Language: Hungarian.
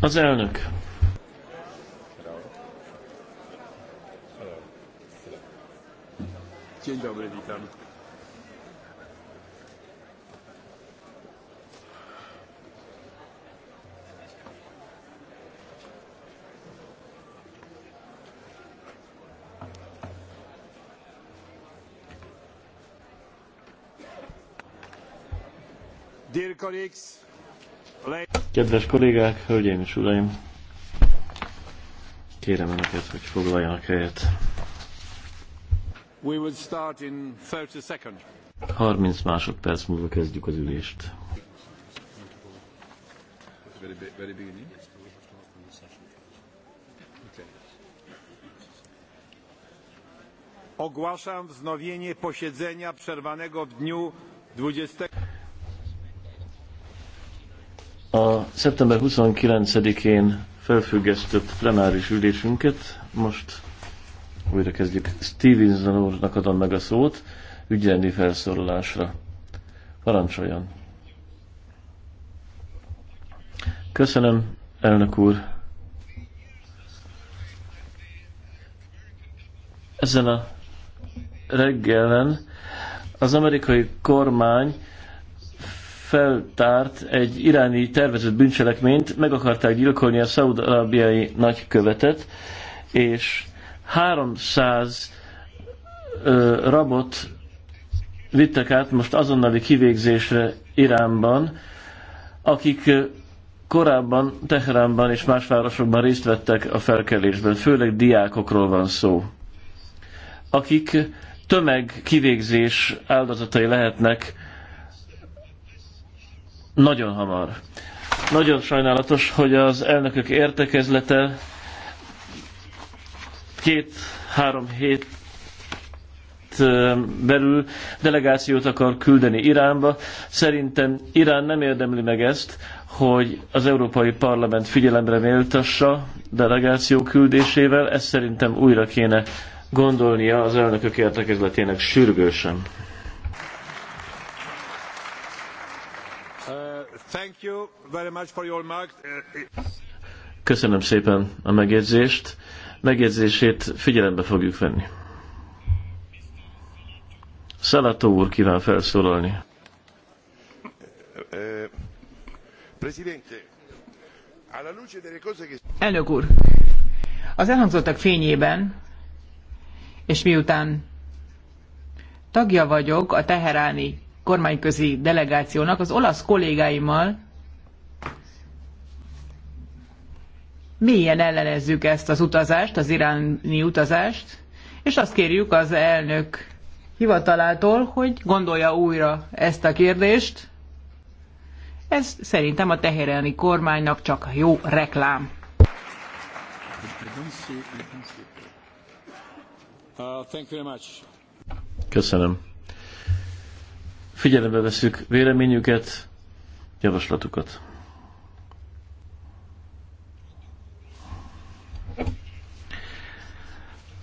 Az elnök. Dzień dobry, witam. Dear colleagues, Kedves kollégák, hölgyeim és uraim! Kérem önöket, hogy foglaljanak helyet. 30 másodperc múlva kezdjük az ülést. Ogłaszam wznowienie posiedzenia przerwanego w dniu 20. A szeptember 29-én felfüggesztett plenáris ülésünket most újra kezdjük. Stevenson úrnak adom meg a szót ügyelni felszólalásra. Parancsoljon! Köszönöm, elnök úr! Ezen a reggelen az amerikai kormány feltárt egy iráni tervezett bűncselekményt, meg akarták gyilkolni a szaudarabiai nagykövetet, és 300 ö, rabot vittek át most azonnali kivégzésre Iránban, akik korábban Teheránban és más városokban részt vettek a felkelésben, főleg diákokról van szó, akik tömeg kivégzés áldozatai lehetnek nagyon hamar. Nagyon sajnálatos, hogy az elnökök értekezlete két-három hét belül delegációt akar küldeni Iránba. Szerintem Irán nem érdemli meg ezt, hogy az Európai Parlament figyelemre méltassa delegáció küldésével. Ezt szerintem újra kéne gondolnia az elnökök értekezletének sürgősen. Köszönöm szépen a megjegyzést. Megjegyzését figyelembe fogjuk venni. Szalató úr kíván felszólalni. Elnök úr, az elhangzottak fényében, és miután tagja vagyok a teheráni kormányközi delegációnak az olasz kollégáimmal mélyen ellenezzük ezt az utazást, az iráni utazást, és azt kérjük az elnök hivatalától, hogy gondolja újra ezt a kérdést. Ez szerintem a teherelni kormánynak csak jó reklám. Uh, Köszönöm. Figyelembe veszük véleményüket, javaslatukat.